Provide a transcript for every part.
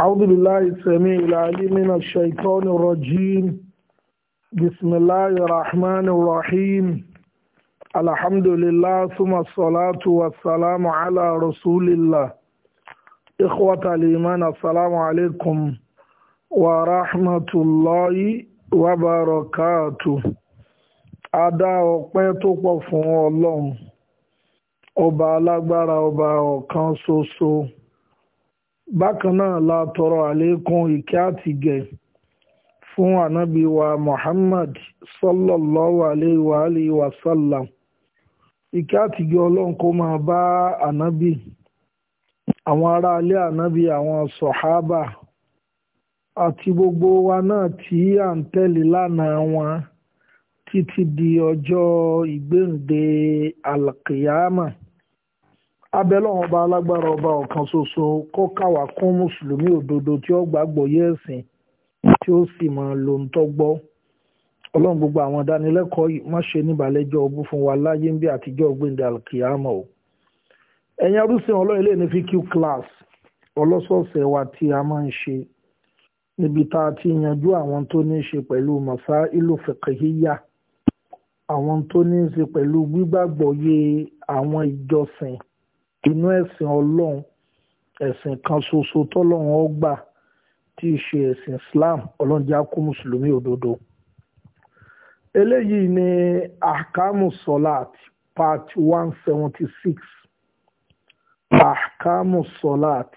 أعوذ بالله السميع العليم من الشيطان الرجيم بسم الله الرحمن الرحيم الحمد لله ثم الصلاة والسلام على رسول الله إخوة الإيمان السلام عليكم ورحمة الله وبركاته Adá ọpẹ́ tó pọ̀ fún Ọlọ́run, ọba alágbára ọba ọ̀kan ṣoṣo. So -so. bákan náà la tọrọ àlékún ìkẹ́ àti fún ànábì muhammad sallallahu alayhi wa alayhi wa sallam ìkẹ́ àti gẹ̀ ọlọ́run kó máa bá ànábì àwọn ará ilé ànábì àwọn sọ̀hábà àti gbogbo wa náà tí à ń tẹ̀lé lánàá wọn títí di ọjọ́ ìgbéǹde alkiyama. Al abẹ́lọ́wọ́n ọba alágbára ọba ọ̀kan ṣoṣo kó káwá kún mùsùlùmí òdodo tí ó gbàgbọ́ yé ẹ̀sìn tí ó sì máa lo ń tọ́gbọ́ ọlọ́run gbogbo àwọn ìdánilẹ́kọ̀ọ́ yìí má ṣe níbàlẹ́jọ́ ọbú fún wa láyé ń bí àtijọ́ gbẹ̀ndẹ̀ alkiyama o ẹ̀yin arúsìn ọlọ́run ilé ní fíkú class ọlọ́sọ̀ọ̀sẹ̀ wa tí a máa ń ṣe níbi tá a ti yanjú àwọn tó ní í ṣe pẹ̀lú mọ̀sá ìlú àwọn tó ní í ṣe pẹ̀lú gbígbàgbọ́ yé àwọn ìjọsìn inú ẹ̀sìn ọlọ́run ẹ̀sìn kan ṣoṣo tọ́lọ́run ọgbà tí í ṣe ẹ̀sìn Islam ọlọ́njà kú mùsùlùmí òdodo eléyìí ni ahkamu salat part one seventy six ahkamu salat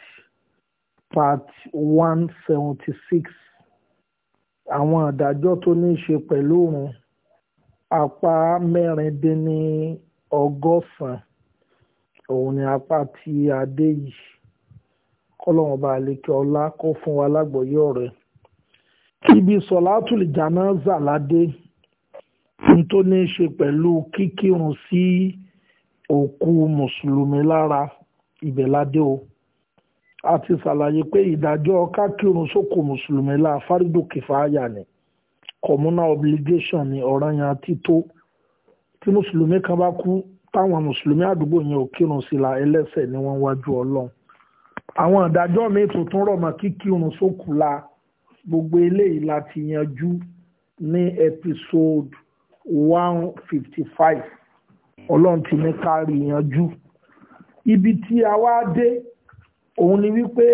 part one seventy six àwọn àdájọ́ tó ní í ṣe pẹ̀lú òun apá mẹ́rin dín ní ọgọ́sàn-án òun ni apá tí a dé yìí kọ́lọ́wọ́n bá lékè ọlá kó fún wa lágbọ̀ọ́yé ọ̀rẹ́ ibi sọ̀látùlì jánásà ládé ní tó ní í ṣe pẹ̀lú kíkírun sí òkú mùsùlùmí lára ibẹ̀ ládé o a ti ṣàlàyé pé ìdájọ́ kákírun sókò mùsùlùmí la fárídò kìfáyà ni communal obligation ni ọ̀ranyàn tító tí mùsùlùmí kan bá kú táwọn mùsùlùmí àdúgbò yẹn ò kírun sí la ẹlẹ́sẹ̀ ni wọ́n wájú ọlọ́run àwọn àdájọ́ míì tuntun rọ̀ mọ́ kíkírun sókù la gbogbo eléyìí la ti yanjú ní episode one fifty five ọlọ́run ti ní ká rí yanjú ibi tí a wá dé òun ni wípé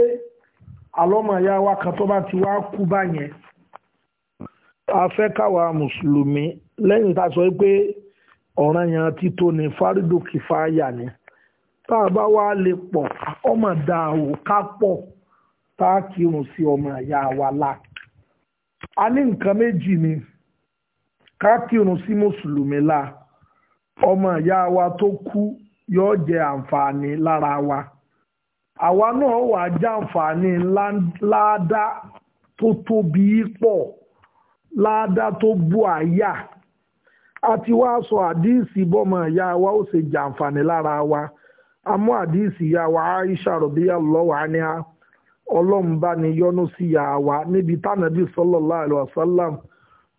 alọ́mọ̀ọ́yá wa kan tó bá ti wá kú báyẹn a fẹ́ káwa mùsùlùmí lẹ́yìn tá a sọ pé ti tító ni fárídù kìfáyà ni tá a bá wá lè pọ̀ ọmọ dáa ká pọ̀ tá a kírun sí ọmọ ìyá wa la a ní nǹkan méjì ni ká kírun sí mùsùlùmí la ọmọ ìyá wa tó kú yóò jẹ àǹfààní lára wa àwa náà wà ládàá tó tóbi pọ̀ ládàá tó a ti wá sọ àdíìsì bọ́mọ ìyá wa ó ṣe jàǹfààní lára wa a àdíìsì ìyá wa Aisha radiyallahu anha ọlọ́run bá ní yọ́nú sí ìyá wa níbi tánàbí sallallahu alaihi wasallam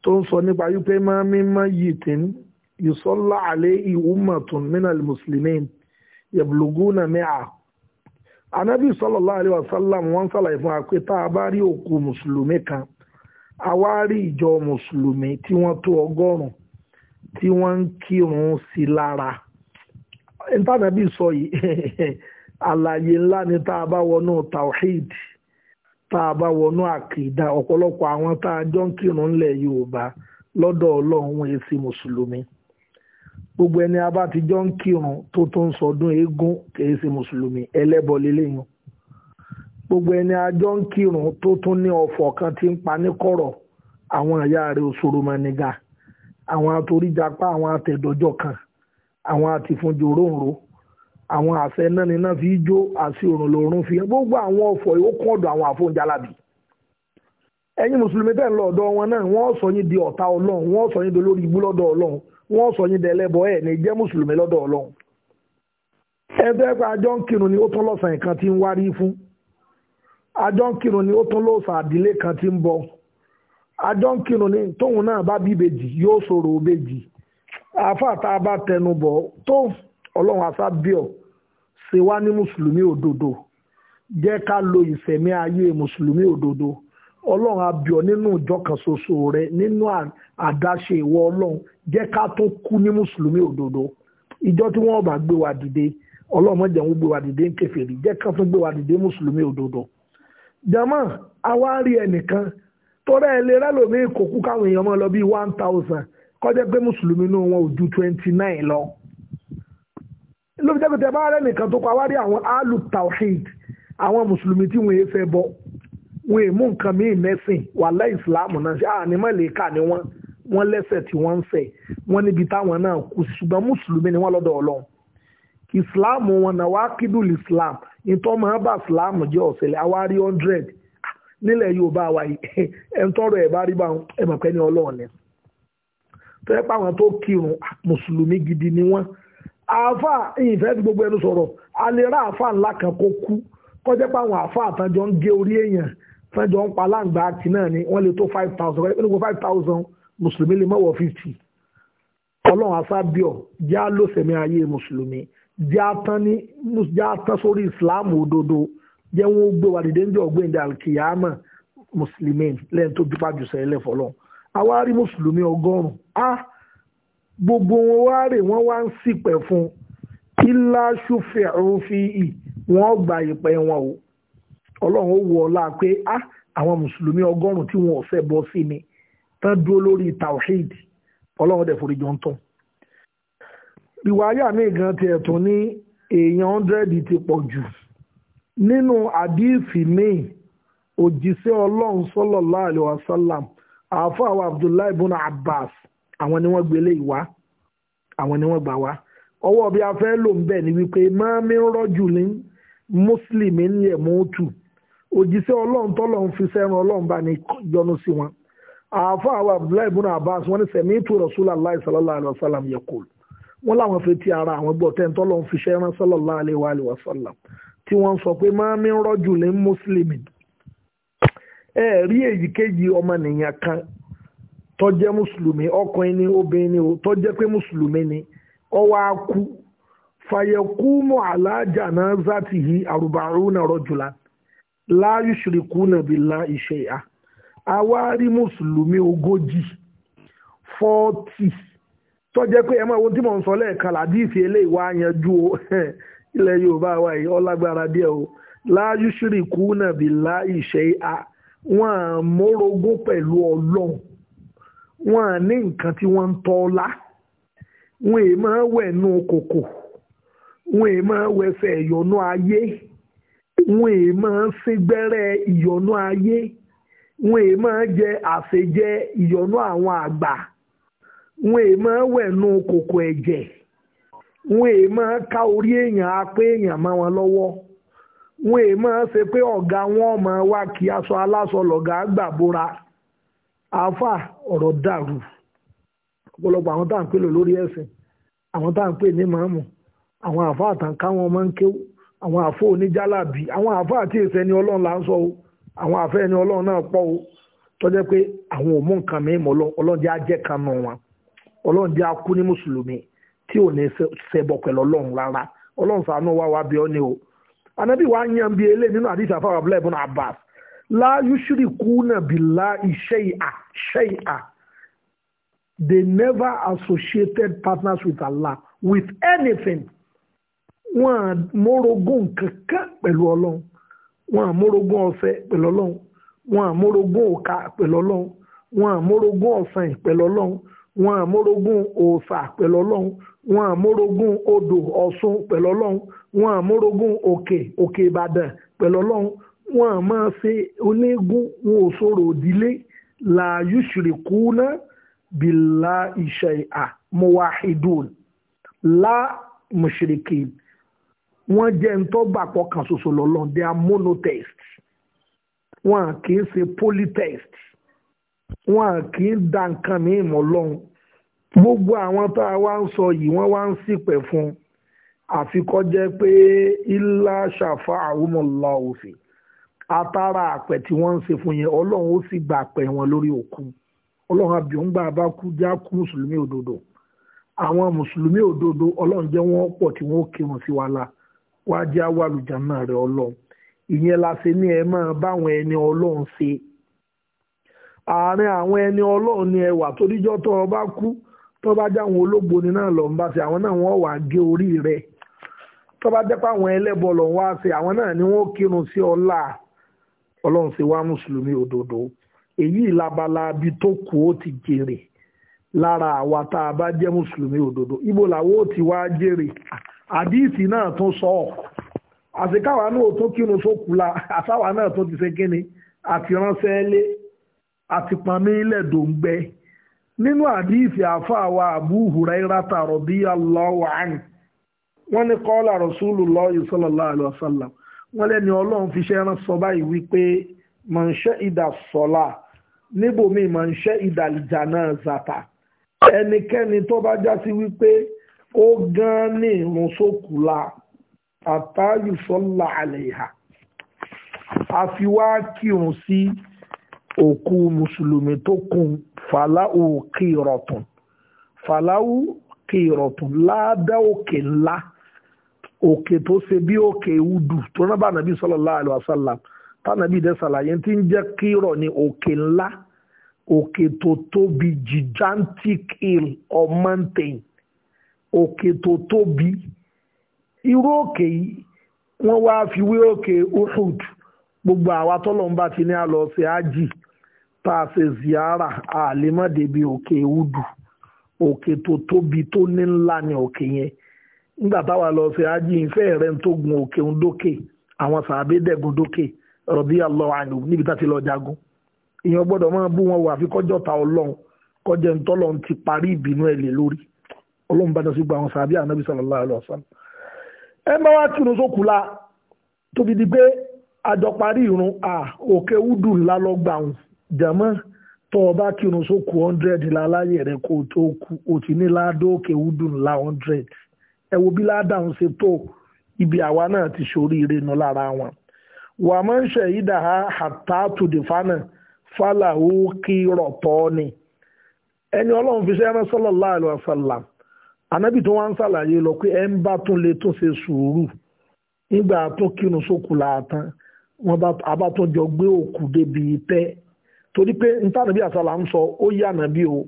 tó ń sọ nípa wípé máa mímọ́ yìí tí yusalla alayhi ummatun minal muslimin yabluguna mi'a anabi sallallahu alaihi wasallam wọ́n sàlàyé fún wa pé tá a bá rí òkú mùsùlùmí kan a wá rí ìjọ mùsùlùmí tí wọ́n tó ọgọ́rùn tí wọ́n ń kírun sí lára ìtànàbí sọ yìí àlàyé ńlá ni tá a bá wọnú tawhid tá a bá wọnú àkìdá ọ̀pọ̀lọpọ̀ àwọn tá a jọ ń kírun ńlẹ̀ Yorùbá lọ́dọ̀ Ọlọ́run èsì mùsùlùmí gbogbo ẹni a bá ti jọ ń kírun tó tó ń sọdún eégún kìí mùsùlùmí ẹlẹ́bọ lélẹ́yìn gbogbo ẹni a jọ ń kírun tó tún ní ọ̀fọ̀ kan ti ń pa ní kọ̀rọ̀ àwọn ìyá rẹ̀ òṣòro mọ́nìgà àwọn atoríjapá àwọn atẹ̀dọ́jọ́ kan àwọn àtìfúnjòróǹro àwọn àṣẹ náni náà fi jó àti òrùn lòrùn fi gbogbo àwọn ọ̀fọ̀ ó kún ọ̀dọ̀ àwọn àfọ̀njálàbí ẹ̀yin mùsùlùmí tẹ̀ ń lọ ọ̀dọ̀ wọn náà wọ́n sọ di ọ̀tá ọlọ́run wọ́n sọ di olórí ibú lọ́dọ̀ ọlọ́run wọ́n sọ di ẹlẹ́bọ ẹ̀ ní jẹ́ mùsùlùmí lọ́dọ̀ ọlọ́run ẹgbẹ́ pé ni ó lọ́sàn-án kan ń wárí ni ó lọ́sàn kan ti ń àjọ ń tóun náà bá bí ìbejì yóò sọ̀rọ̀ ìbejì àáfàá tá a bá tẹnu bọ̀ tó ọlọ́run àsábíọ̀ ṣe wá ní mùsùlùmí òdodo jẹ́ ká lo ìfẹ̀mí ayé mùsùlùmí òdodo ọlọ́run abiọ̀ nínú ìjọ kan ṣoṣo rẹ nínú àdáṣe ìwọ ọlọ́run jẹ́ ká tó kú ní mùsùlùmí òdodo ìjọ tí wọ́n bá gbé wa dìde ọlọ́run má jẹ́ wọ́n gbé wa dìde ń kèfèrí jẹ́ ká tún gbé wa dìde mùsùlùmí òdodo. jama awárí ẹnìkan torí ẹ lè rálòmí ìkòkú káwọn èèyàn máa lọ bíi one thousand kọjá pé mùsùlùmí inú wọn ò ju twenty nine lọ. lóbi jẹ́ pé bá rẹ̀ nìkan tó kọ àwọn alu tawhid àwọn mùsùlùmí tí wọ́n fẹ́ bọ́ wọ́n èmú nǹkan míì mẹ́sìn wàhálà náà ṣe ah, ni wọ́n wọ́n lẹ́sẹ̀ tí wọ́n ń wọ́n níbi táwọn náà ṣùgbọ́n mùsùlùmí ni wọ́n lọ́dọ̀ ọlọ́run wọn náà wàá ìtọ́ máa bá jẹ́ hundred nílẹ̀ Yorùbá wa yìí ẹ̀ ń tọrọ ẹ̀ bá rí bá ẹ̀ mọ̀ pé ní Ọlọ́run ni tó yẹ tó kírun mùsùlùmí gidi ni wọ́n àáfà ìyìnfẹ́ ti gbogbo ẹnu sọ̀rọ̀ a lè rá àáfà ńlá kan kó kú kọjá pé àáfà àtàjọ ń gé orí èèyàn fẹ́jọ ń pa láǹgbà àti náà ni wọ́n lè tó five thousand kọjá pé nígbà five thousand mùsùlùmí lè mọ̀wọ́ fifty ọlọ́run asábíọ̀ já lóṣèmí ayé mùsùlùmí já tán sórí ìsìláàmù òdodo jẹ́ wọn ó gbé wa dìde níjọ́ ọ̀gbẹ́ndẹ́ alkiyama mùsùlùmí lẹ́yìn tó dúpá jù sẹ́lẹ̀ fọlọ́ àwa rí mùsùlùmí ọgọ́rùn-ún a gbogbo wọn wá rè wọ́n wá ń ṣìpẹ̀ fún ilá ṣùfẹ̀ òfìì wọ́n gba ìpẹ́ wọn o ọlọ́run ó wọ ọlá pé a àwọn mùsùlùmí ọgọ́rùn-ún tí wọn ò fẹ́ bọ́ sí ni tán dúró lórí tawhid ọlọ́run dẹ̀ forí jọ ń tán ìwà ayé àmì gan tiẹ̀ tún ní èèyàn hundred ti pọ̀ jù nínú àdíìsì míì òjíṣẹ́ ọlọ́run sallallahu alaihi wasallam àáfà wa abdullahi ibn abbas àwọn ni wọ́n gbélé ìwá àwọn ni wọ́n gbà wá ọwọ́ bí a fẹ́ lò ń bẹ̀ ni wípé máa mi ń rọ́jù ní mùsùlùmí ń yẹ̀ mọ́tù òjíṣẹ́ ọlọ́run tọ́lọ́run fi sẹ́ran ọlọ́run bá ní yọ́nú sí wọn àáfà wa abdullahi ibn abbas wọ́n ní sẹ̀mí tó rasulullahi sallallahu alaihi wasallam yaqul wọ́n láwọn fi ti ara àwọn sallallahu alaihi wasallam tí wọ́n sọ pé máa mi rọ́jù ní mùsùlùmí ẹ rí èyíkéyìí ọmọnìyàn kan tó jẹ́ mùsùlùmí ọkùnrin ni obìnrin ni tó jẹ́ pé mùsùlùmí ni ó wá kú fàyẹ̀kúmọ̀ alájà náà zàtì yìí àrùbàrún rọ́jùlá láàyè ṣìrìkú la ìṣe à àwa rí mùsùlùmí ogójì fọ́ọ̀tì tó pé ẹ máa wo tí mò ilẹ̀ yorùbá wa yìí ọlágbára díẹ̀ o láàyè ṣìrìkú nàbí láì ṣe à wọn à mórogún pẹ̀lú ọlọ́run wọn à ní nǹkan tí wọ́n ń tọ́ ọlá wọn è máa wẹ̀ nú kòkò wọn è máa wẹsẹ̀ ìyọnú ayé wọn è máa sín gbẹ́rẹ́ ìyọnú ayé wọn è máa jẹ àṣejẹ ìyọnú àwọn àgbà wọn è máa wẹ̀ nú kòkò ẹ̀jẹ̀. E wọn èè máa ká orí èèyàn pé èèyàn mọ́ wọn lọ́wọ́ wọn èè máa ṣe pé ọ̀gá wọn máa wá kí aṣọ aláṣọ lọ̀gá gbàbóra àáfà ọ̀rọ̀ dàrú ọ̀pọ̀lọpọ̀ àwọn tá à ń pè lò lórí ẹ̀sìn àwọn tá à ń pè ní màámù àwọn àáfà àtànká wọn máa ń kéwú àwọn àwọn àti ọlọ́run là ń sọ o àwọn àáfà ẹni ọlọ́run náà pọ̀ o tọ́jẹ́ pé tí ò ní ṣẹbọ pẹ̀lú ọlọ́run rárá ọlọ́run ṣàánú wa wá bí ọ ní o ànábì wa yan bí eléyìí nínú àdìsí àfáwà abúlé ibùn abbas la yushrikuna billahi shay'a shay'a they never associated partners with allah with anything wọn à mórogún kankan pẹ̀lú ọlọ́run wọn à mórogún ọ̀sẹ̀ pẹ̀lú ọlọ́run wọn à mórogún òka pẹ̀lú ọlọ́run wọn à mórogún ọ̀sán pẹ̀lú ọlọ́run wọn à mórogún òòṣà pẹ̀lú ọlọ́run wọn àmórogún odò ọ̀ṣun pẹ̀lú ọlọ́run wọn àmórogún òkè òkè ìbàdàn pẹ̀lú ọlọ́run wọn àmọ́ ṣe onígun wọn ò sọ̀rọ̀ òdílé làáyú ṣìrìkú náà bìlà ìṣẹ̀yà mọ̀wáhídùn lá mùṣìrìkì wọ́n jẹ́ ń tọ́ gbàpọ̀ kan ṣoṣo lọ́lọ́run they are monotheists wọn kì í ṣe polytheists wọn kì í da nǹkan mìíràn lọ́hùn gbogbo àwọn tá a wá ń sọ yìí wọ́n wá ń ṣìpẹ̀ fún àfi kó pé ilá ṣàfà àrùmọ̀lá òfin atara àpẹ̀ tí wọ́n ń ṣe fún yẹn ọlọ́run ó sì gba àpẹ̀ wọn lórí òkú ọlọ́run àbí òun gbà bá kú já kú mùsùlùmí òdodo àwọn mùsùlùmí òdodo ọlọ́run jẹ́ wọ́n pọ̀ tí wọ́n ó kírun sí wa la wá jẹ́ awàlùjà náà rẹ̀ ọlọ́run ìyẹn la ṣe ní ẹ máa báwọn ẹni ọlọ́run ṣe àárín àwọn ẹni ọlọ́run ni ẹwà toríjọ́ tó o bá kú tó bá jẹ́ àwọn olóògbóni náà lọ ń bá ṣe àwọn náà wọ́n wà gé orí rẹ̀ tó bá jẹ́ pé àwọn ẹlẹ́bọ lọ wá ṣe àwọn náà ni wọ́n kírun sí ọlá ọlọ́run ṣe wá mùsùlùmí òdodo èyí ìlabala bí tó kù ó ti jèrè lára àwa tá a bá jẹ́ mùsùlùmí òdodo ibo làwọn ò ti wá jèrè àdìsí náà tún sọ ọ́ àṣekáwa náà tó kírun sókù la àṣáwa náà tó ti ṣe kíni àti ránṣẹ́ lé àti pamílẹ̀ dòǹgbẹ́ Ninu nínú àdíìsì awa Abu Hurairata radiyallahu anhu wọ́n ní kọ́lá Rasulullah sallallahu alaihi wasallam wọ́n lẹ́ni ọlọ́run fi ṣe rán sọ báyìí wípé man shahida sọ́lá níbòmí man shahida janazata ẹnikẹ́ni tó bá já sí wípé o gan ni ìrun sókù la àtàyù sọ́lá àlẹ́ ìhà àfiwá kírun sí. Si, òkú mùsùlùmí tó kún fàlàú kìrọ̀tún fàlàú kìrọ̀tún ládá òkè ńlá òkè tó ṣe bí òkè udu tó náà bá nàbí sallallahu alaihi wasallam tánàbí dẹ́ sàlàyé tí ń jẹ́ kírọ̀ ní òkè ńlá òkè tó tóbi gigantic hill or mountain òkè tó tóbi irú òkè yìí wọ́n wá fi wé òkè Uhud gbogbo àwa tọ́lọ́mbà ti ní àlọ́ ṣe ájì tá a ṣe ziara àlèmọ́dé debi òkè ewúdù òkè tó tóbi tó ní ńlá ni òkè yẹn nígbà táwa lọ ṣe ájì ìfẹ́ rẹ̀ tó gun òkè ń dókè àwọn sàbẹ̀ dẹ̀gun dókè rọ̀bí àlọ́ àná níbi tá a ti lọ jagun èèyàn gbọ́dọ̀ máa bú wọn wò àfi kọjọ́ ta ọlọ́run kọjá ń tọ́lọ̀ ti parí ìbínú ẹ̀ lórí ọlọ́run bá dán gba àwọn sàbẹ̀ ànábì sallallahu alaihi wasallam ẹ máa wá kírun sókùlà tóbi di pé àjọ parí ìrun à òkè wúdù ńlá lọ́gbà wọn jama tó o bá hundred láláyè rẹ ko o ti hundred ẹ wo ibi awa naa ti ire nu lara wọn. wà máa ń ṣe ìdá àtà tùdìfánà kí rọ̀tọ́ ni ẹni ọlọ́run fi ṣe ẹran sallallahu alaihi wasallam ànábì tó wá ń ṣàlàyé lọ pé ẹ ń bá tún lè tún torí pé ntànàbí àsálà ń sọ ó yà bí o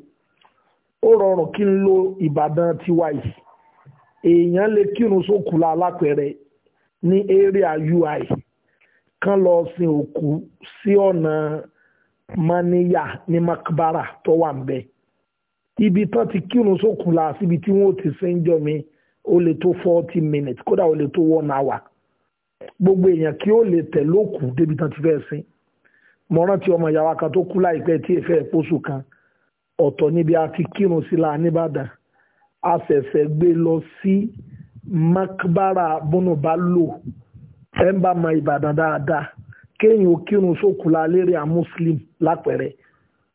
ó rọrùn kí n lo ìbàdàn tiwa yìí èèyàn lè kírun sókùlà alápẹ̀rẹ̀ ní area ui kan lọ sin òkú sí ọ̀nà maniya ní makbara tó wà ń bẹ ibi tán ti kírun sókùlà síbi tí wọn ò ti mi ó lè tó forty minutes kódà ó lè tó one hour gbogbo èèyàn kí ó lè tẹ̀ débi mo rántí ọmọ ìyàwó kan tó kú láìpẹ́ tí èfẹ́ ìpósù kan ọ̀tọ̀ níbi a ti kírun síla nìbàdàn a ṣẹ̀ṣẹ̀ gbé lọ sí makbara bùnúbálò ẹ̀ ń bá mọ ìbàdàn dáadáa kéèyàn ó kírun sókù la lérí à muslim lápẹ̀rẹ̀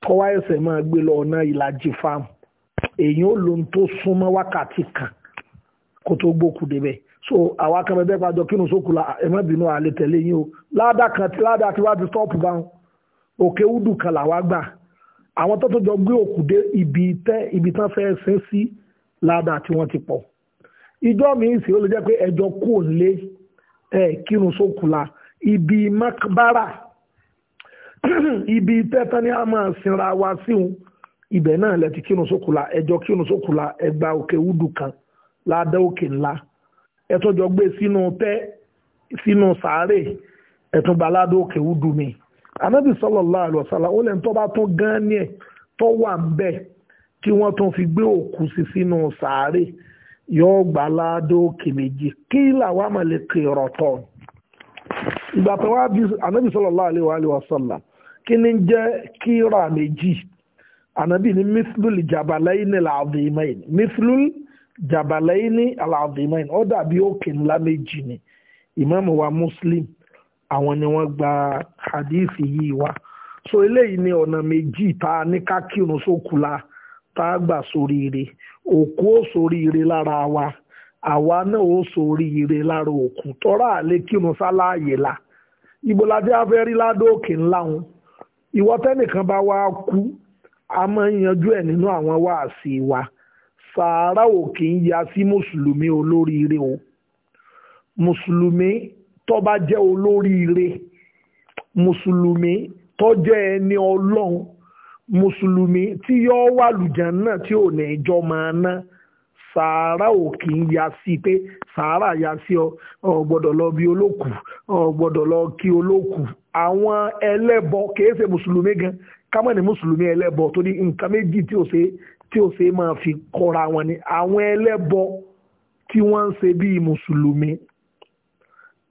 tọ́wá ẹ̀sẹ̀ máa gbé lọ ọ̀nà ìlàjì fáàmù èyàn ó lo tó súnmọ́ wákàtí kan kó tó gbókù débẹ̀ so àwa kan bẹ́ẹ̀ pàjọ kírun sókù la ẹ̀ má bínú àlè tẹ̀lé yín o ládàá kan tí ládàá tí wàá ti stọ́ọ̀pù báwọn òkè údù kan làwa gbà àwọn tó tó jọ gbé òkú dé ibi tẹ́ ibi tán fẹ́ sin sí ládàá tí wọ́n ti pọ̀ ìjọ miín sì ó lè jẹ́ pé ẹjọ́ kò lé ẹ kírun sókùlà ibi makbara ibi tẹ́tán ni a máa sinra wa síhun ibẹ̀ náà lẹ ti kírun sókùlà ẹjọ́ kírun sókùlà ẹgbà òkè údù kan ládà òkè ńlá ẹtọ́jọ́ gbé sínú tẹ́ sínú sàárè ẹ̀tún baládò òkè údù mi anábì sallallahu alaihi wasallam ó lẹ́nu tó bá tún gán ní ẹ̀ tó wà ń bẹ̀ tí wọ́n tún fi gbé òkú sí sínú sàárè yóò gbà ládó òkè méjì kí làwọn àmọ̀ lè kèrò tọ̀ ìgbà tó wá bí anábì sallallahu alaihi kí ni jẹ́ kíra méjì anábì ní mithlul jabalaini al-azimain mithlul jabalaini al ó dàbí òkè ńlá méjì ni ìmáàmù wa muslim àwọn ni wọ́n gba hadithi yìí wá so eléyìí ni ọ̀nà méjì tá a ní ká kírun sókù la tá a gbà sóríire òkú ó sóríire lára wa àwa náà ó sóríire lára òkú tọ́ra àlè kírun sáláàyè la ibo la ti afẹ́ rí ládòkè ńlá wọn ìwọ tẹ́nìkan bá wá kú a máa ń yanjú ẹ̀ nínú àwọn wáàsí wa sàárà ò kì í ya sí mùsùlùmí olóríire o mùsùlùmí tó bá jẹ́ olóríire mùsùlùmí tó jẹ́ ẹni ọlọ́run mùsùlùmí tí yóò wà lùjàn náà tí ò ní ìjọ máa ná sàárà ò kì í ya sí pé sàárà ya sí ọ ọ gbọ́dọ̀ lọ bí olókù ọ gbọ́dọ̀ lọ kí olókù àwọn ẹlẹ́bọ kìí ṣe mùsùlùmí gan kámọ́ ní mùsùlùmí ẹlẹ́bọ torí nǹkan méjì tí ò ṣe tí ò ṣe máa fi kọ́ra wọn ni àwọn ẹlẹ́bọ tí wọ́n ń ṣe bíi mùsùlùmí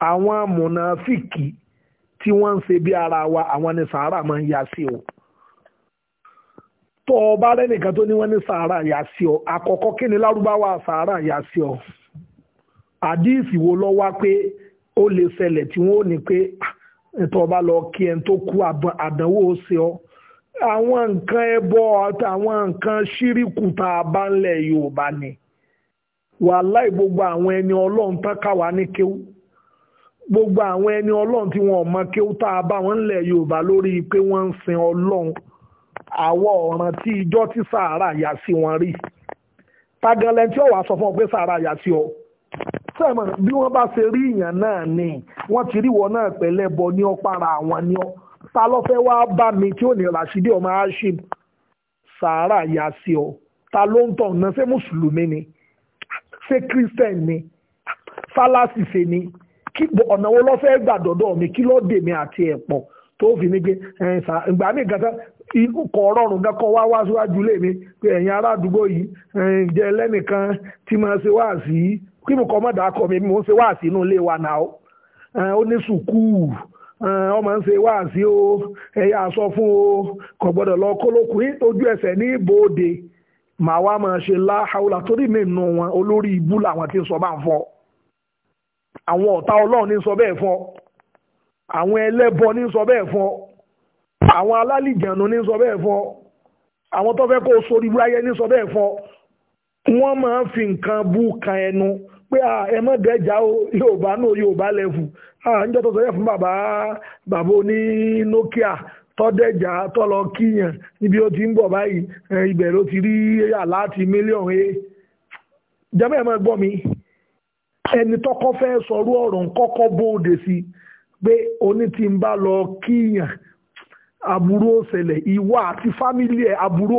àwọn mùnàfíkì tí wọ́n ń ṣe bí ara wa àwọn ni sàárà máa ń yá sí o tó o bá rẹ́nìkan tó ní wọ́n ní sàárà yá sí ọ àkọ́kọ́ kí ni lárúbáwá sàárà yá sí ọ àdíìsì wo lọ wá pé ó lè ṣẹlẹ̀ tí wọ́n ò ní pé tó o bá lọ kí ẹni tó kú àdánwò ṣe ọ àwọn nǹkan ẹbọ àtàwọn nǹkan ṣíríkù tá a bá ń lẹ̀ Yorùbá ni wàláì gbogbo àwọn ẹni Ọlọ́run tán káwa ní kéwú gbogbo àwọn ẹni ọlọ́run tí wọ́n mọ kí ó tá a bá wọn lẹ̀ yorùbá lórí pé wọ́n ń sin ọlọ́run àwọ̀ ọ̀ràn tí ijọ́ tí sàárà yà sí wọn rí tagalẹ̀ tí ọ̀wà sọ fún ọ pé sàárà yà sí ọ sẹ́mọ̀ bí wọ́n bá ṣe rí ìyàn náà ni wọ́n ti rí wọn náà pẹ̀lẹ́ bọ ní ọ̀pára àwọn ni ọ́ ta ló fẹ́ wá bá mi tí ò ní Rashidi ọmọ Hashim sàárà yà sí ọ ta ló ń tàn náà ṣé mùsùlùmí ni ṣé kírísítẹ̀n ni fálásìsẹ́ ni ọ̀nà wo ló fẹ́ gbà dọ̀dọ̀ mi kí ló dè mí àti ẹ̀ pọ̀ tó fi ní pé ìgbà gata ikọ̀ ọ̀rọ̀rùn gan wá mi pé ẹ̀yin ará àdúgbò yìí jẹ́ ẹlẹ́nìkan tí ma ṣe wá sí kí mo kọ́ mọ́ dà kọ́ mi mo ń ṣe wá sí inú ilé wa ó ní sùkúù ọmọ ń ṣe o ẹ̀yà fún o kò gbọ́dọ̀ lọ kólókùn ojú ẹsẹ̀ ní màá wá máa ṣe láhàúlà torí mi nù wọn olórí ibú làwọn ti sọ àwọn ọ̀tá ọlọ́run ní sọ bẹ́ẹ̀ fún ọ àwọn ẹlẹ́bọ ní sọ bẹ́ẹ̀ fún ọ àwọn alálìjànù ní sọ bẹ́ẹ̀ fún ọ àwọn tó fẹ́ kó o sórí wáyé ní sọ bẹ́ẹ̀ fún ọ wọ́n máa ń fi nǹkan bú kan ẹnu pé ẹ mọ̀ dẹ́jà o Yorùbá náà Yorùbá lẹ́fù níjọ́ tó sọ yẹ fún bàbá bàbá oní Nokia tọ́dẹ̀jà tọ́lọ kíyàn níbi ó ti ń bọ̀ báyìí ibẹ̀ ló ti rí àláàtì mílíọ̀nù e jẹ́mọ̀ ẹ̀ mọ̀ gbọ́ mi ẹni sọrọ ọrụ nkọkọ ọ̀rọ̀ nkọ́kọ́ bóde sí pé oní ti ń bá lọ kíyàn aburú òṣèlè ìwà àti fámílì aburú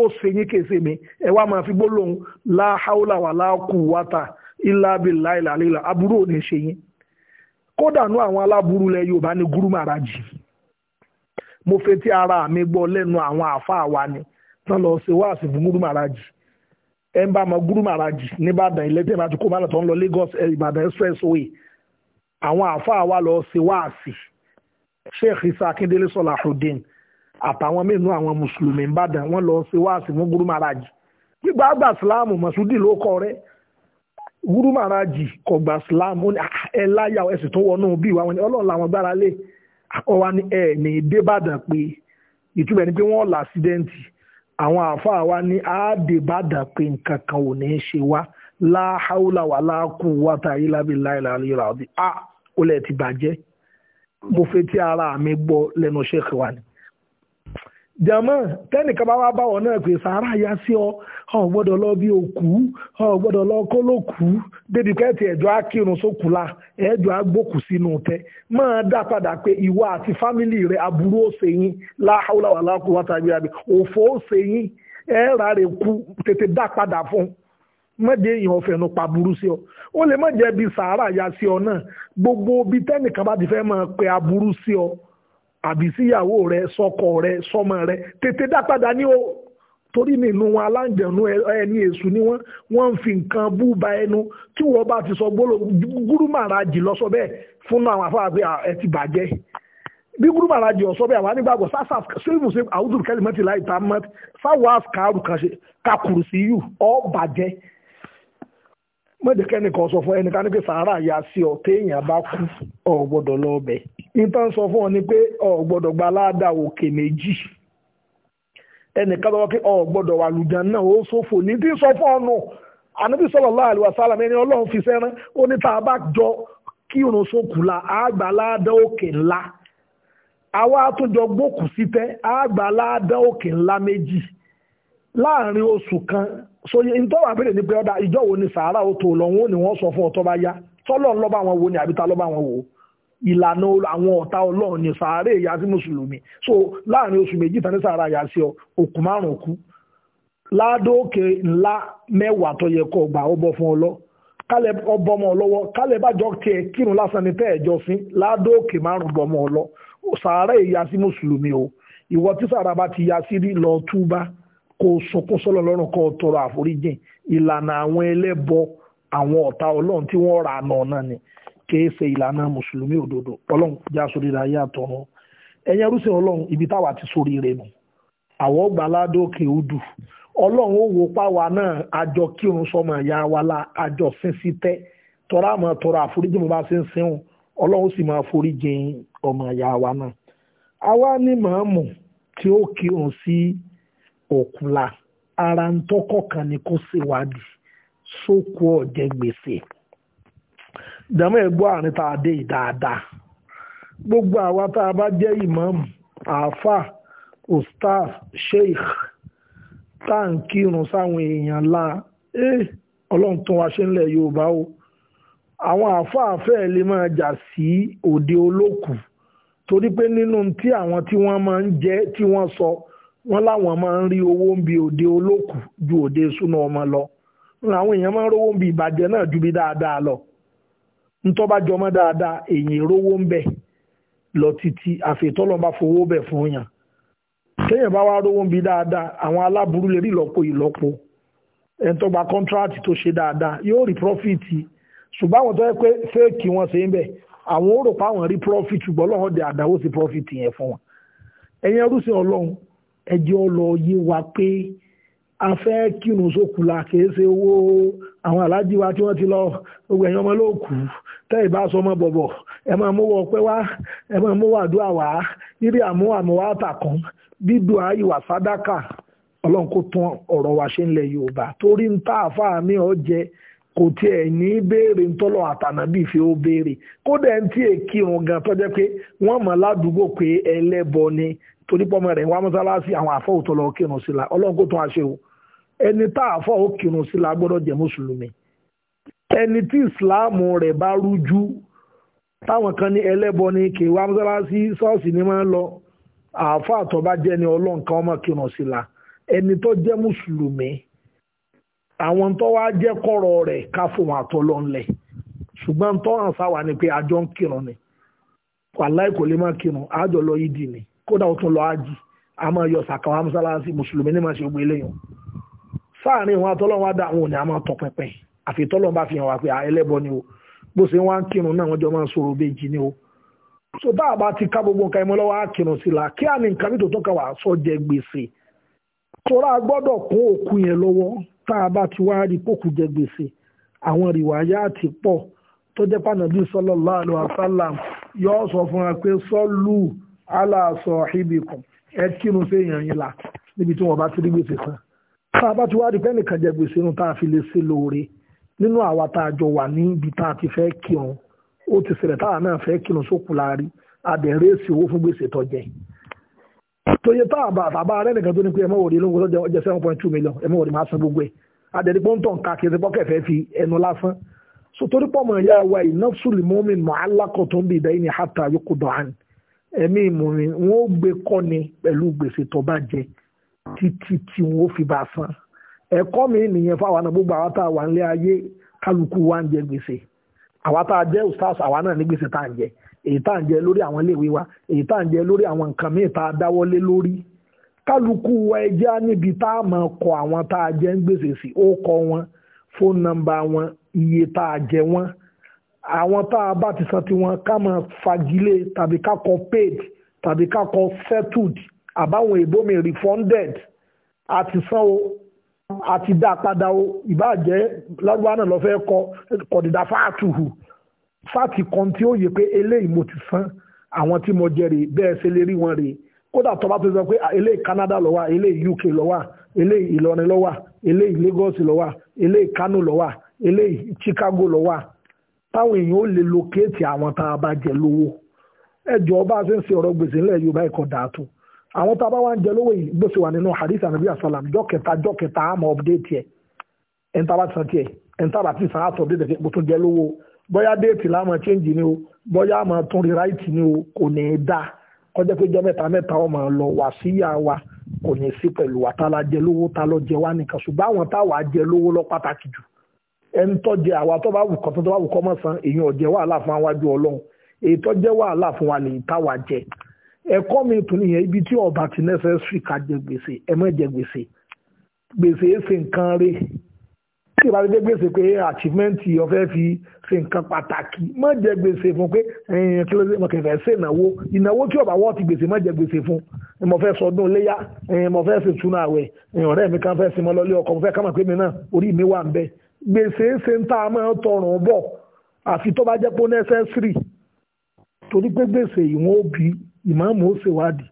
kèsè mi ẹ wá máa fi gbólóhùn láháúlà wà láàkú wátà ìlàbí láìlàlílà aburú ò ní ṣe yín kódà nú àwọn aláburú lẹ Yorùbá ní gúrú ara mi gbọ àwọn ni tán lọ ẹ ń bá ọmọ gúrú màràjì nìbàdàn ìlẹ́tẹ̀ bá ti kó mọ́lá tó ń lọ Lagos Ìbàdàn expressway àwọn àáfàá wa lọ sí wáàsì Sheikh Isa Akindele Salahuddin àtàwọn mẹ́nu àwọn mùsùlùmí Ìbàdàn wọ́n lọ sí wáàsì fún gúrú màràjì gbígbà àgbà síláàmù mọ̀súdì ló kọ rẹ́ gúrú màràjì kò gbà síláàmù ah, ẹ láyà ẹ sì tún wọnú bí ìwà wọn ni Ọlọ́run làwọn gbára lé ọwa ni ẹ ní débàdàn pé ìtumọ̀ ẹni pé wọ́n làásídẹ́ǹtì àwọn àáfàá wa ní àádìbàdàn pé nǹkan kan ò ní í ṣe wá láháúlà wà láàkú wátà yìí lábẹ́ láìláà lè rà a ó lẹ̀ ti bàjẹ́ mo fetí ara mi gbọ́ lẹ́nu ṣèkì wa ni jama tẹ́nìkan bá wá báwọ̀ náà pé sàárà ya sí ọ ọ gbọdọ lọ bí òkú ọ gbọdọ lọ kó lókú débi pé ti ẹ̀jọ́ akírun la ẹ̀jọ́ agbókù sínú tẹ máa dá padà pé ìwọ àti fámìlì rẹ aburú láhàúlà wà tàbí àbí òfò rẹ kú tètè dá padà fún pa sí ọ ó lè bí ya sí ọ náà gbogbo bí bá ti máa ọ àbí síyàwó rẹ sọkọ rẹ sọmọ rẹ tètè dá padà ní o torí nínú wọn aláǹjẹ̀nu ẹni èṣù ni wọ́n wọ́n ń fi nǹkan bú ba ẹnu tí wọ́n bá ti sọ gbólò gúrúmàràjì lọ́sọ bẹ́ẹ̀ fún àwọn afáàfẹ́ ẹ ti bàjẹ́ bí gúrúmàràjì ọ̀sọ́ bẹ́ẹ̀ àwọn anígbàgbọ́ sáfà sẹ́yìn ṣe àwùjọ kẹlìmẹ́tì láì ta mọ́ sáwọ́ àkàrù kakùrù sí yù ọ́ bàjẹ́ mọ́dẹ̀kẹ́ni kan sọ fún ẹnìkan ní pé sàárà yà sí ọ téèyàn bá kú ọ̀ gbọ́dọ̀ lọ́ọ́ bẹ́ẹ̀ nta sọ fún ọ ni pé ọ gbọ́dọ̀ gba aláàdá òkè méjì ẹnìkan lọ́wọ́ pé ọ wà lùjàn náà ó ṣòfò ní tí sọ fún ọnù ànábì fi sẹ́rán ó ní tá a bá jọ kírun sókùlà àgbà aláàdá òkè ńlá àwa àtúnjọ àgbà aláàdá òkè ńlá láàrin oṣù kan ní pé ọ̀dà ni sàárà ó sọ fún ọ wo ìlànà àwọn ọ̀tá ọlọ́run ni sàárè ìyá sí so láàrin oṣù méjì tán ní sàárà ìyá sí ọ òkú márùn kú ńlá mẹ́wàá tó yẹ kó gbà fún ọ lọ ọlọ́wọ́ kálẹ̀ bàjọ́ ọlọ ìyá sí mùsùlùmí o ìwọ tí sàárà bá ti ya sí rí lọ tọrọ àforíjìn ìlànà àwọn ẹlẹ́bọ àwọn ọ̀tá ọlọ́run tí wọ́n ra ni kèé ṣe ìlànà mùsùlùmí òdodo ọlọ́run já sórí rẹ̀ ayé àtọ̀run ẹ̀yẹ rúṣẹ́ ibi táwa ti sórí rẹ̀ nù àwọn gbàládókè odù ọlọ́run ó wo páwa náà àjọ kírun sọmọ wa la àjọ tẹ́ tọrọ àforíjì mo bá sì máa ọmọ wa náà àwa ní màámù tí ó kírun sí ara ń tọ́kọ̀ kan ni kó jàmọ́ ẹ̀gbọ́ àárín tá a dé dáadáa gbogbo àwa tá a bá jẹ́ ìmáàmù àáfà ustaz sheikh tá à ń kírun sáwọn èèyàn la eh, ọlọ́run tún wa ṣe ńlẹ̀ yorùbá o àwọn àáfàá fẹ́ẹ̀ lè máa jà sí òde olókùú torí pé nínú tí àwọn tí wọ́n máa ń jẹ tí wọ́n sọ wọ́n láwọn máa ń rí owó ń bi òde olókùú ju òde súná ọmọ lọ làwọn èèyàn máa ń rówó ń bi ìbàjẹ́ náà ju bí dáadáa lọ ntọ́ba jọmọ́ dáadáa èyàn rówó ń bẹ̀ lọ títí àfẹ́tọ́lọ́ba fowó bẹ̀ fún yàn téèyàn bá wá rówó ń bi dáadáa àwọn aláburú lè rí ìlọ́po ìlọ́po ẹni tó gba kọ́ńtíráàtì tó ṣe dáadáa yóò rí prọ́fìtì ṣùgbọ́n àwọn tó yẹ pé fẹ́ẹ̀kì wọn ṣe ń bẹ̀ àwọn ò rò pé àwọn rí prọ́fìtì ṣùgbọ́n lọ́wọ́ de àdáwó sí prọ́fìtì yẹn fún wọn ẹ̀yin ẹrú ọlọ́run ẹjẹ́ ọ yé wa pé afẹ́ kírun sókù la kìí ṣe owó àwọn aláàjì wa tí wọ́n ti lọ gbogbo ẹ̀yàn ọmọ ló kù tẹ́ ìbá sọ ọmọ bọ̀bọ̀ ẹ máa mówó ọpẹ́ wá ẹ máa mówó àdúrà wá rírí àmú àmú wa tàkàn dídùn àìwà sádákà ọlọ́run kó tún ọ̀rọ̀ wa ṣe ń lẹ yorùbá torí ń tá àfáà mi ọ jẹ kò tiẹ̀ ní béèrè ńtọ́lọ̀ àtànàbí fi ó béèrè kódà ẹni tí èkì gan tó pé wọ́n mọ̀ ládùúgbò pé ẹlẹ́bọ ni torípọ́mọ rẹ̀ wá mọ́sálásí àwọn àfọ̀wòtọ́lọ́ kírun sí la ọlọ́run kó tún àṣẹ ẹni tá a fọ́ ó sí la gbọ́dọ̀ jẹ́ mùsùlùmí ẹni tí ìsìláàmù rẹ̀ bá rújú táwọn kan ní ẹlẹ́bọ ní kì í wá mọ́sálásí ṣọ́ọ̀ṣì ni máa ń lọ àáfà tó bá jẹ́ ni ọlọ́nkan ọmọ kírun sí la ẹni tó jẹ́ mùsùlùmí àwọn tó wá jẹ́ kọ̀rọ̀ rẹ̀ ká fún wọn àtọ́lọ́nlẹ̀ ṣùgbọ́n tó hàn sáwà ni pé àjọ ń kírun ni wàláì kò lè má kírun àjọ lọ yídì ni kódà ó tún lọ ájì àmọ́ yọ sàkàwá mọ́sálásí mùsùlùmí ní máa ṣe gbé léyìn sáàrin ìwọn atọ́lọ́wọ́ adá àwọn òní àmọ́ tọpẹpẹ àfi tọ́lọ́wọ́ bá fi hàn wá pé ẹlẹ́bọ ni o bó ṣe wá ń kírun náà wọ́n jọ máa ń sọ̀rọ̀ bẹ́ẹ̀jì ni o so tá a bá ti ká gbogbo nǹkan ẹmọ lọ́wọ́ á kírun sí la kí á ní nǹkan nítorí tó kà wá sọ jẹ gbèsè tọ́lá gbọ́dọ̀ kún òkú yẹn lọ́wọ́ tá a bá ti wá rí kókù jẹ gbèsè àwọn rìwáyà ala sahibikum ẹ kírun sí èèyàn yìí la níbi tí wọ́n bá ti rí gbèsè sàn tá a bá ti wá rí pẹ́ nìkan jẹ gbèsè nù tá a fi lè ṣe lóore nínú àwa tá a jọ wà níbi tá a ti fẹ́ kírun ó ti ṣẹlẹ̀ táwa náà fẹ́ kírun sókù láàrí adẹ̀rẹ́ èsì owó fún gbèsè tọ́jẹ́ tóye tá a bá àbá rẹ nìkan tó ní pé ẹ mọ̀wòrì ló ń gbọ́dọ̀ seven point two million ẹ mọ̀wòrì máa san gbogbo ẹ̀ adẹ̀rẹ́ pọ́ńtọ̀n ká kí ẹ ti pọ́kẹ́ fẹ́ fi ẹnu lásán so torí pọ̀ mọ̀ ìyá wa ìnáfsùlì mọ́mìn mọ́ alákọ̀ tó ń bì dáyé ní hàtà yókù dọ̀hán ẹ̀mí ìmọ̀rin wọn ó títí tí wọn ó fi bá san ẹ̀kọ́ mi nìyẹn fún àwọn gbogbo àwọn tá a wà nílé ayé kálukú wa ń jẹ gbèsè àwa tá a jẹ́ ustaz àwa náà ní gbèsè tá à ń jẹ èyí tá à ń jẹ lórí àwọn iléèwé wa èyí tá à ń jẹ lórí àwọn nǹkan míì tá a dáwọ́lé lórí kálukú wa ẹ jẹ́ níbi tá a máa kọ àwọn tá a jẹ́ ń gbèsè sí ó kọ wọn fóònù nọ́mbà wọn iye tá a jẹ wọn àwọn tá a bá ti san tiwọn ká máa fagilé tàbí ká kọ paid tàbí ká kọ settled àbáwọn èbó mi refunded àti san o àti dá padà o ìbáàjẹ́ lọ́gbà náà lọ fẹ́ kọ kọ̀dìdà fáàtùhù fáàtì kan tí ó yẹ pé eléyìí mo ti san àwọn tí mo jẹ rèé bẹ́ẹ̀ ṣe lè rí wọn rèé kódà tó tó sọ pé eléyìí Canada ló wà eléyìí UK ló wà eléyìí Ìlọrin ló wà eléyìí Lagos ló wà eléyìí Kano ló eléyìí Chicago ló wà táwọn èèyàn ó lè locate àwọn tá a bá jẹ lówó ẹjọ́ bá ṣe ń ṣe ọ̀rọ̀ gbèsè ńlẹ̀ Yorùbá ẹ̀kọ́ dàtó àwọn tá a bá wá ń jẹ lówó yìí bó ṣe wà nínú hadith anabi asalam jọ kẹta jọ kẹta àmọ́ update yẹ ẹn tá a bá ti san tiẹ ẹn tá a bá ti san àtọ update yẹ kó tún jẹ lówó bóyá déètì láàmú change ni o bóyá àmọ́ tún rí ráìtì ni o kò ní í dá kọjá pé jọ mẹ́ta mẹ́ta ọmọ lọ wá síyà wa kò ní í sí pẹ̀lú wa tá a la jẹ lówó tá a lọ jẹ wá nìkan ṣùgbọ́n àwọn tá a wà á jẹ lówó lọ pàtàkì jù ẹni ẹ̀kọ́ mi tún nìyẹn ibi tí ọba ti necessary ká jẹ gbèsè ẹ má jẹ gbèsè gbèsè é ṣe nǹkan rẹ̀ tí ìbá gbé gbèsè pé achievement ọ̀fẹ́ fi ṣe nǹkan pàtàkì má jẹ gbèsè fún pé ẹ̀yìn kí ló dé mọ̀kẹ́ fẹ́ ṣe ìnáwó ìnáwó tí ọba wọ́ ti gbèsè má jẹ gbèsè fún mo fẹ́ sọdún léyà mo fẹ́ ṣe túnú àwẹ̀ ọ̀rẹ́ mi kan fẹ́ sin mọ́ lọ́lé ọkọ̀ mo fẹ́ pé mi náà orí mi wà ń gbèsè ṣe ń tá a máa tọrùn bọ̀ àfi tó bá jẹ́ pé necessary torí pé gbèsè ìwọ̀n òbí ìmáàmù ó ṣèwádìí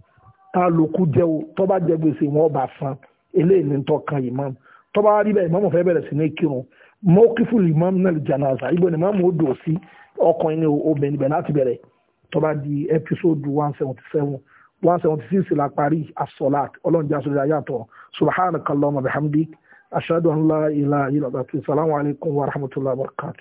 ta lókù jẹ́ o tó bá jẹ gbèsè wọn bá san eléyìí ní tọkàn ìmáàmù tó bá rí bẹ́ẹ̀ ìmáàmù fẹ́ bẹ̀rẹ̀ sí ní kírun mọ́kífù ìmáàmù náà lè jànáza ibo ni ìmáàmù ó dùn sí ọkùnrin ní obìnrin ibẹ̀ láti bẹ̀rẹ̀ tó bá di ẹpísódù one seventy seven one seventy six la parí asọ́làt ọlọ́njẹ́ asọ́làt yàtọ̀ subhanakallahumma bihamdik ashhadu an la ilaha illa anta astaghfiruka wa atubu ilayk alaykum wa rahmatullahi wa barakatuh